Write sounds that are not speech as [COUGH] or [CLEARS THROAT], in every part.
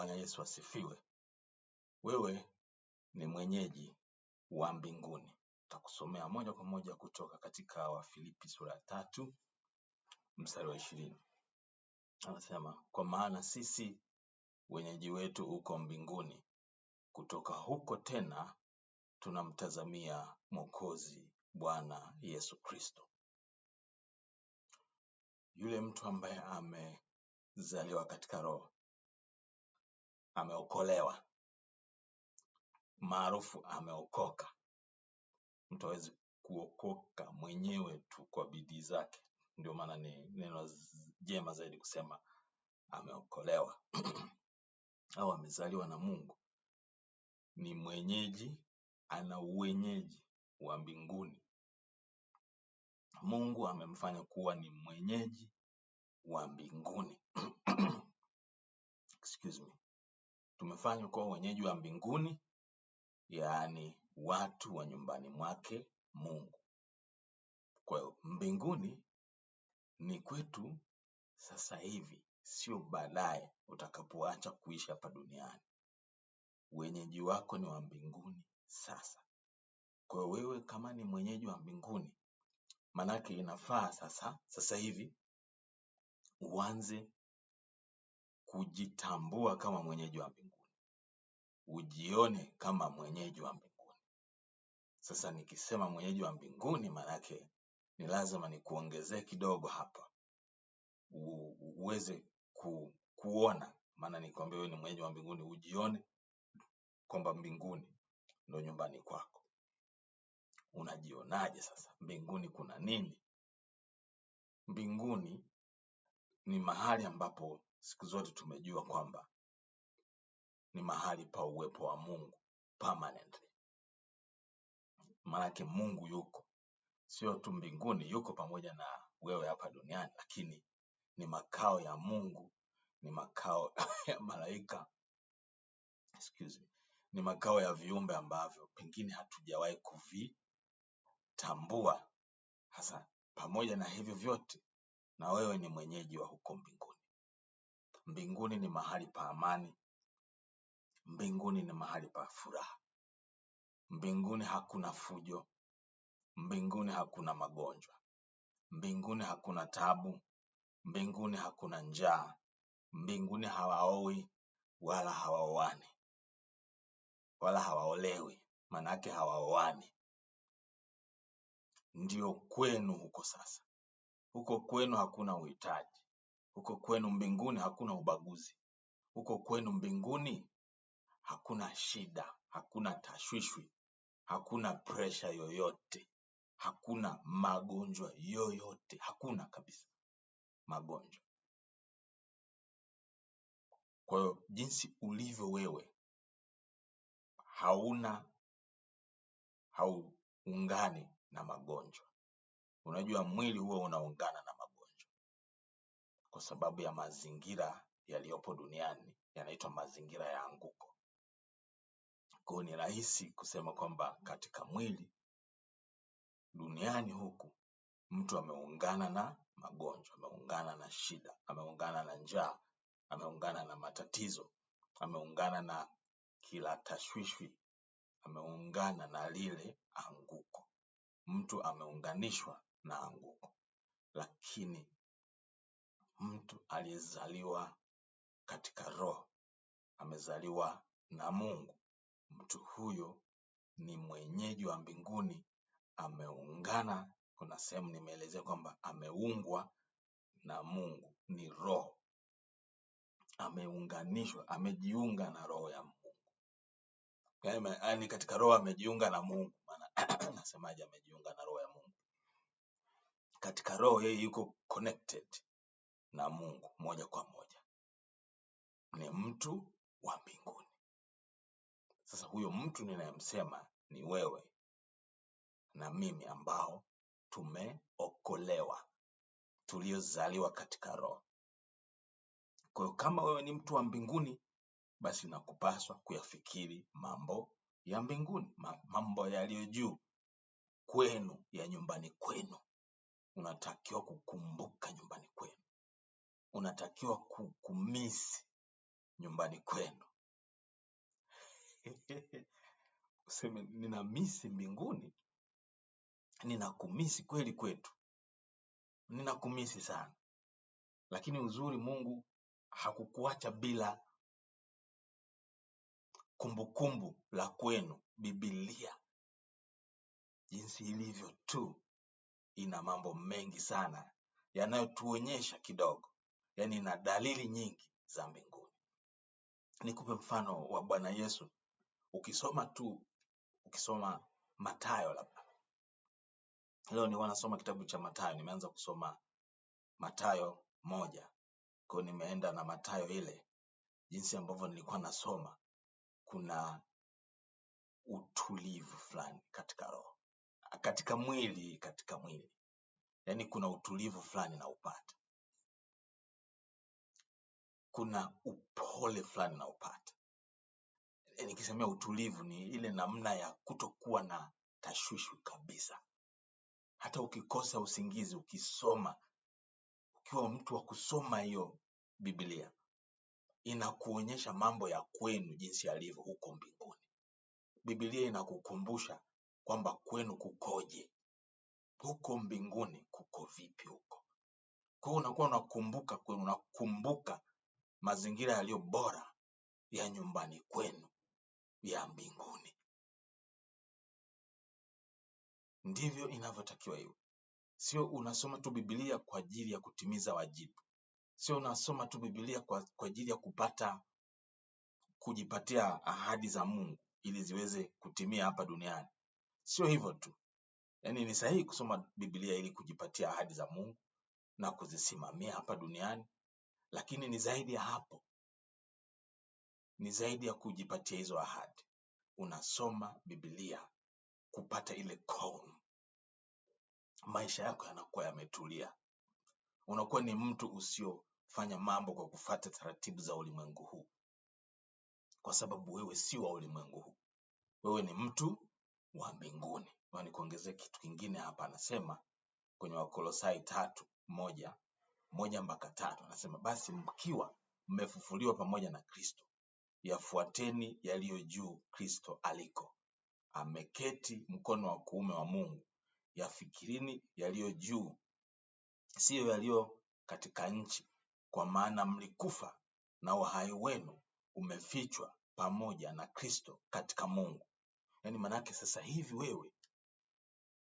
Bwana Yesu asifiwe. Wewe ni mwenyeji wa mbinguni. Tutakusomea moja kwa moja kutoka katika Wafilipi sura ya tatu mstari wa ishirini. Anasema, kwa maana sisi wenyeji wetu uko mbinguni, kutoka huko tena tunamtazamia Mwokozi Bwana Yesu Kristo. Yule mtu ambaye amezaliwa katika Roho ameokolewa maarufu ameokoka. Mtu hawezi kuokoka mwenyewe tu kwa bidii zake. Ndio maana ni neno jema zaidi kusema ameokolewa [CLEARS THROAT] au amezaliwa na Mungu. Ni mwenyeji, ana uwenyeji wa mbinguni. Mungu amemfanya kuwa ni mwenyeji wa mbinguni [CLEARS THROAT] excuse me. Tumefanywa kuwa wenyeji wa mbinguni, yaani watu wa nyumbani mwake Mungu. Kwa mbinguni ni kwetu sasa hivi, sio baadaye utakapoacha kuishi hapa duniani. Wenyeji wako ni wa mbinguni sasa. Kwa wewe kama ni mwenyeji wa mbinguni, manake inafaa sasa sasa hivi uanze kujitambua kama mwenyeji wa mbinguni ujione kama mwenyeji wa mbinguni. Sasa nikisema mwenyeji wa mbinguni, maanake ni lazima nikuongezee kidogo hapa U, uweze ku, kuona, maana nikwambia wewe ni mwenyeji wa mbinguni, ujione kwamba mbinguni ndo nyumbani kwako. Unajionaje sasa? Mbinguni kuna nini? Mbinguni ni mahali ambapo siku zote tumejua kwamba ni mahali pa uwepo wa Mungu permanently. Maanake Mungu yuko sio tu mbinguni, yuko pamoja na wewe hapa duniani, lakini ni makao ya Mungu, ni makao [LAUGHS] ya malaika excuse me, ni makao ya viumbe ambavyo pengine hatujawahi kuvitambua. Hasa pamoja na hivyo vyote, na wewe ni mwenyeji wa huko mbinguni. Mbinguni ni mahali pa amani, Mbinguni ni mahali pa furaha. Mbinguni hakuna fujo. Mbinguni hakuna magonjwa. Mbinguni hakuna tabu Mbinguni hakuna njaa. Mbinguni hawaoi wala hawaoani wala hawaolewi, manake hawaoani. Ndio kwenu huko sasa. Huko kwenu hakuna uhitaji. Huko kwenu mbinguni hakuna ubaguzi. Huko kwenu mbinguni hakuna shida, hakuna tashwishwi, hakuna presha yoyote, hakuna magonjwa yoyote, hakuna kabisa magonjwa. Kwa hiyo jinsi ulivyo wewe hauna hauungani na magonjwa. Unajua mwili huo unaungana na magonjwa kwa sababu ya mazingira yaliyopo duniani yanaitwa mazingira ya anguko. Kwa hiyo ni rahisi kusema kwamba katika mwili duniani huku mtu ameungana na magonjwa, ameungana na shida, ameungana na njaa, ameungana na matatizo, ameungana na kila tashwishwi, ameungana na lile anguko. Mtu ameunganishwa na anguko, lakini mtu aliyezaliwa katika roho amezaliwa na Mungu Mtu huyo ni mwenyeji wa mbinguni ameungana, kuna sehemu nimeelezea kwamba ameungwa na Mungu ni roho, ameunganishwa, amejiunga na roho ya Mungu yani yaani katika roho amejiunga na Mungu. Maana [CLEARS THROAT] nasemaje, amejiunga na roho ya Mungu? Katika roho yeye yuko connected na Mungu moja kwa moja, ni mtu wa mbinguni. Sasa huyo mtu ninayemsema ni wewe na mimi ambao tumeokolewa, tuliozaliwa katika Roho. Kwa hiyo kama wewe ni mtu wa mbinguni, basi nakupaswa kuyafikiri mambo ya mbinguni, mambo yaliyo juu kwenu, ya nyumbani kwenu. Unatakiwa kukumbuka nyumbani kwenu, unatakiwa kukumisi nyumbani kwenu, [LAUGHS] Useme misi mbinguni, nina kumisi kweli kwetu, nina kumisi sana. Lakini uzuri Mungu hakukuacha bila kumbukumbu la kwenu. Biblia jinsi ilivyo tu ina mambo mengi sana yanayotuonyesha kidogo, yaani ina dalili nyingi za mbinguni. Nikupe mfano wa Bwana Yesu ukisoma tu ukisoma matayo labda. Leo nilikuwa nasoma kitabu cha matayo nimeanza kusoma matayo moja, kwa nimeenda na matayo ile, jinsi ambavyo nilikuwa nasoma, kuna utulivu fulani katika roho, katika mwili, katika mwili, yaani kuna utulivu fulani naupata, kuna upole fulani naupata. Eh, nikisemea utulivu ni ile namna ya kutokuwa na tashwishwi kabisa. Hata ukikosa usingizi, ukisoma, ukiwa mtu wa kusoma hiyo Biblia, inakuonyesha mambo ya kwenu jinsi yalivyo huko mbinguni. Biblia inakukumbusha kwamba kwenu kukoje, huko mbinguni kuko vipi huko. Kwa unakuwa unakumbuka kwenu, unakumbuka mazingira yaliyo bora ya nyumbani kwenu ya mbinguni. Ndivyo inavyotakiwa iwe. Sio unasoma tu Biblia kwa ajili ya kutimiza wajibu, sio unasoma tu Biblia kwa, kwa ajili ya kupata kujipatia ahadi za Mungu ili ziweze kutimia hapa duniani. Sio hivyo tu, yaani ni sahihi kusoma Biblia ili kujipatia ahadi za Mungu na kuzisimamia hapa duniani, lakini ni zaidi ya hapo, ni zaidi ya kujipatia hizo ahadi, unasoma Biblia kupata ile calm. Maisha yako yanakuwa yametulia, unakuwa ni mtu usiofanya mambo kwa kufata taratibu za ulimwengu huu, kwa sababu wewe si wa ulimwengu huu, wewe ni mtu wa mbinguni. Na kitu kingine hapa, anasema kwenye Wakolosai tatu moja moja mpaka tatu, anasema basi mkiwa mmefufuliwa pamoja na Kristo yafuateni yaliyo juu Kristo aliko, ameketi mkono wa kuume wa Mungu. Yafikirini yaliyo juu, siyo yaliyo katika nchi, kwa maana mlikufa na uhai wenu umefichwa pamoja na Kristo katika Mungu. Yaani manake sasa hivi wewe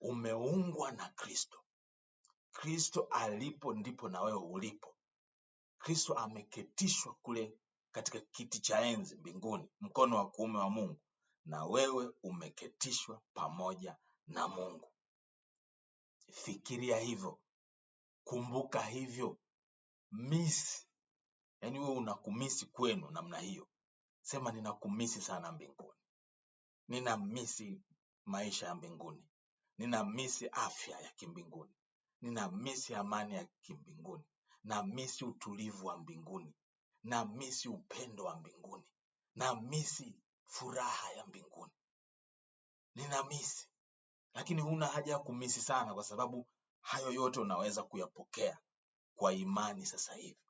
umeungwa na Kristo. Kristo alipo ndipo na wewe ulipo. Kristo ameketishwa kule katika kiti cha enzi mbinguni, mkono wa kuume wa Mungu, na wewe umeketishwa pamoja na Mungu. Fikiria hivyo, kumbuka hivyo, misi yaani, wewe unakumisi kwenu namna hiyo, sema ninakumisi sana mbinguni, nina misi maisha ya mbinguni, nina misi afya ya kimbinguni, nina misi amani ya kimbinguni, na misi utulivu wa mbinguni, na misi upendo wa mbinguni, na misi furaha ya mbinguni, misi Lakini huna haja ya kumisi sana, kwa sababu hayo yote unaweza kuyapokea kwa imani sasa hivi.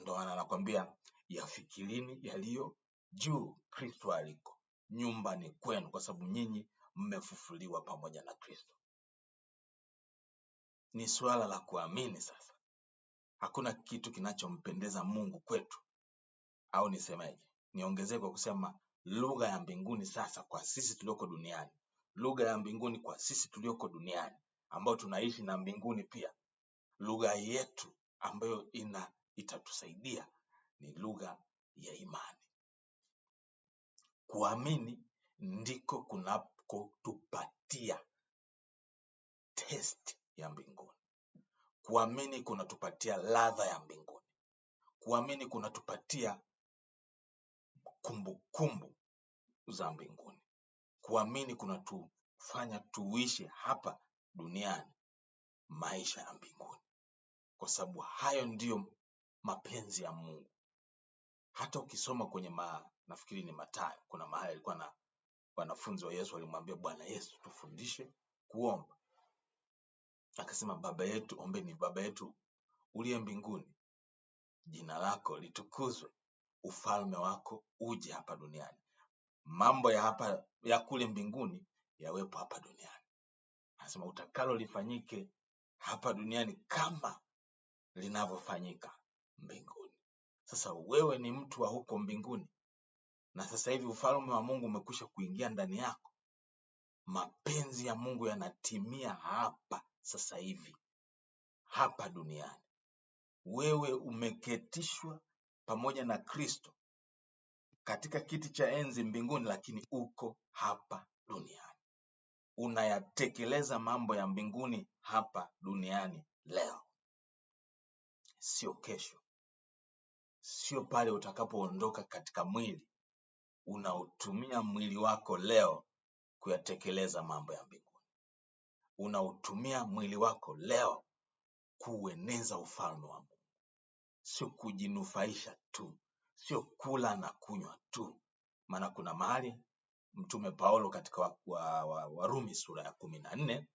Ndio maana anakwambia yafikirini yaliyo juu, Kristo aliko, nyumba ni kwenu, kwa sababu nyinyi mmefufuliwa pamoja na Kristo. Ni suala la kuamini sasa. Hakuna kitu kinachompendeza Mungu kwetu, au nisemeje? Niongezee kwa kusema lugha ya mbinguni sasa kwa sisi tulioko duniani, lugha ya mbinguni kwa sisi tulioko duniani ambao tunaishi na mbinguni pia, lugha yetu ambayo ina itatusaidia ni lugha ya imani. Kuamini ndiko kunakotupatia testi ya mbinguni. Kuamini kunatupatia ladha ya mbinguni. Kuamini kunatupatia kumbukumbu za mbinguni. Kuamini kunatufanya tuishi hapa duniani maisha ya mbinguni, kwa sababu hayo ndiyo mapenzi ya Mungu. Hata ukisoma kwenye ma, nafikiri ni Mathayo, kuna mahali alikuwa na wanafunzi wa Yesu walimwambia Bwana Yesu, tufundishe kuomba akasema, Baba yetu, ombeni Baba yetu uliye mbinguni, jina lako litukuzwe, ufalme wako uje hapa duniani, mambo ya hapa ya kule mbinguni yawepo hapa duniani. Anasema utakalo lifanyike hapa duniani kama linavyofanyika mbinguni. Sasa wewe ni mtu wa huko mbinguni, na sasa hivi ufalme wa Mungu umekwisha kuingia ndani yako. Mapenzi ya Mungu yanatimia hapa sasa hivi hapa duniani. Wewe umeketishwa pamoja na Kristo katika kiti cha enzi mbinguni, lakini uko hapa duniani, unayatekeleza mambo ya mbinguni hapa duniani leo, sio kesho, sio pale utakapoondoka katika mwili. Unautumia mwili wako leo kuyatekeleza mambo ya mbinguni unaotumia mwili wako leo kuueneza ufalme wa Mungu, sio kujinufaisha tu, sio kula na kunywa tu. Maana kuna mahali Mtume Paulo katika wa, wa, Warumi sura ya kumi na nne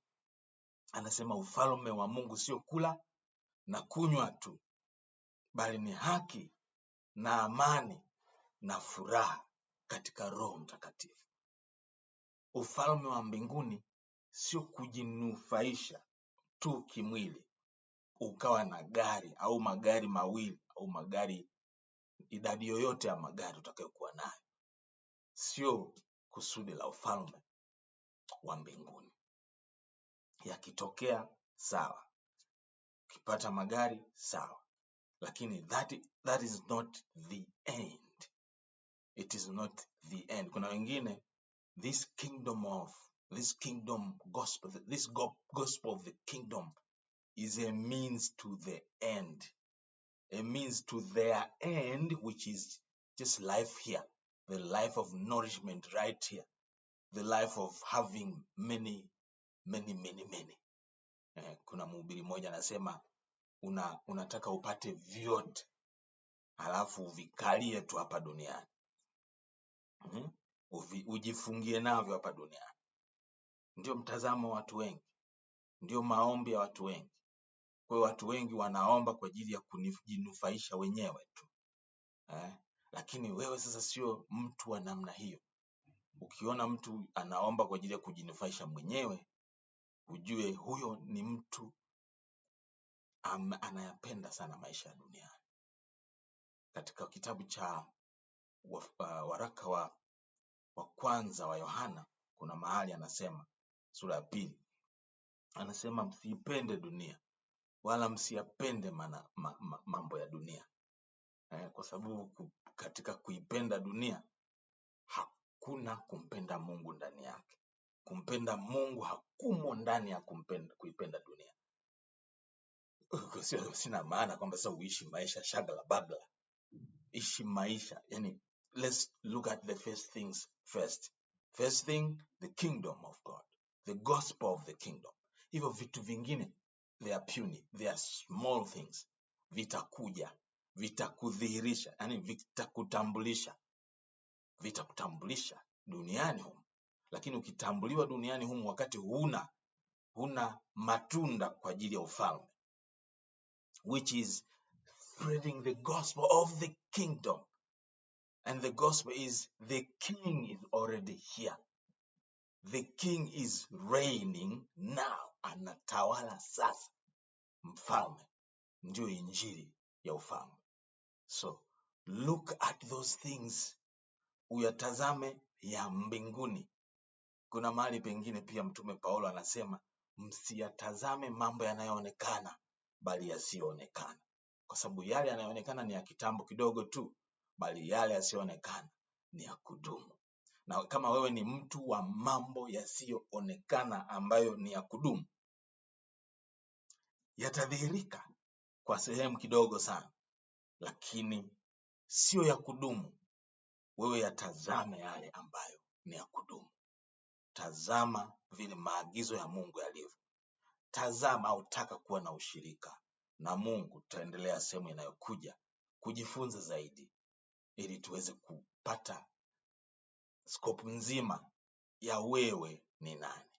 anasema ufalme wa Mungu sio kula na kunywa tu, bali ni haki na amani na furaha katika Roho Mtakatifu. Ufalme wa mbinguni sio kujinufaisha tu kimwili, ukawa na gari au magari mawili au magari, idadi yoyote ya magari utakayokuwa nayo, sio kusudi la ufalme wa mbinguni. Yakitokea sawa, ukipata magari sawa, lakini that, that is not the end. It is not the end. Kuna wengine this kingdom of This kingdom gospel, this gospel of the kingdom is a means to the end, a means to their end, which is just life here, the life of nourishment right here, the life of having many, many, many, many. Eh, kuna mhubiri mmoja anasema una, unataka upate vyote halafu uvikalie tu hapa duniani. Mhm. Uvi, ujifungie navyo hapa duniani ndio mtazamo wa watu wengi, ndio maombi ya watu wengi. Kwa watu wengi wanaomba kwa ajili ya kujinufaisha wenyewe tu eh? Lakini wewe sasa sio mtu wa namna hiyo. Ukiona mtu anaomba kwa ajili ya kujinufaisha mwenyewe, ujue huyo ni mtu am, anayapenda sana maisha ya duniani. Katika kitabu cha uh, waraka wa, wa kwanza wa Yohana kuna mahali anasema sura ya pili anasema msiipende dunia wala msiyapende ma, ma, mambo ya dunia eh, kwa sababu katika kuipenda dunia hakuna kumpenda Mungu ndani yake. Kumpenda Mungu hakumo ndani ya kumpenda, kuipenda dunia. Sio, sina maana kwamba sasa uishi maisha shagla bagla, ishi maisha yani, let's look at the first things first. First thing the kingdom of God the gospel of the kingdom. Hivyo vitu vingine they are puny, they are small things, vitakuja, vitakudhihirisha, yani vitakutambulisha, vitakutambulisha duniani humu. Lakini ukitambuliwa duniani humu wakati huna huna matunda kwa ajili ya ufalme, which is spreading the gospel of the kingdom and the gospel is the king is already here The king is reigning now, anatawala sasa, mfalme. Ndiyo injili ya ufalme. So look at those things, uyatazame ya mbinguni. Kuna mahali pengine pia Mtume Paulo anasema msiyatazame mambo yanayoonekana, bali yasiyoonekana, kwa sababu yale yanayoonekana ni ya kitambo kidogo tu, bali yale yasiyoonekana ni ya kudumu na kama wewe ni mtu wa mambo yasiyoonekana ambayo ni ya kudumu, yatadhihirika kwa sehemu kidogo sana, lakini siyo ya kudumu. Wewe yatazame yale ambayo ni ya kudumu. Tazama vile maagizo ya Mungu yalivyo. Tazama au taka kuwa na ushirika na Mungu. Tutaendelea sehemu inayokuja kujifunza zaidi, ili tuweze kupata scope nzima ya wewe ni nani.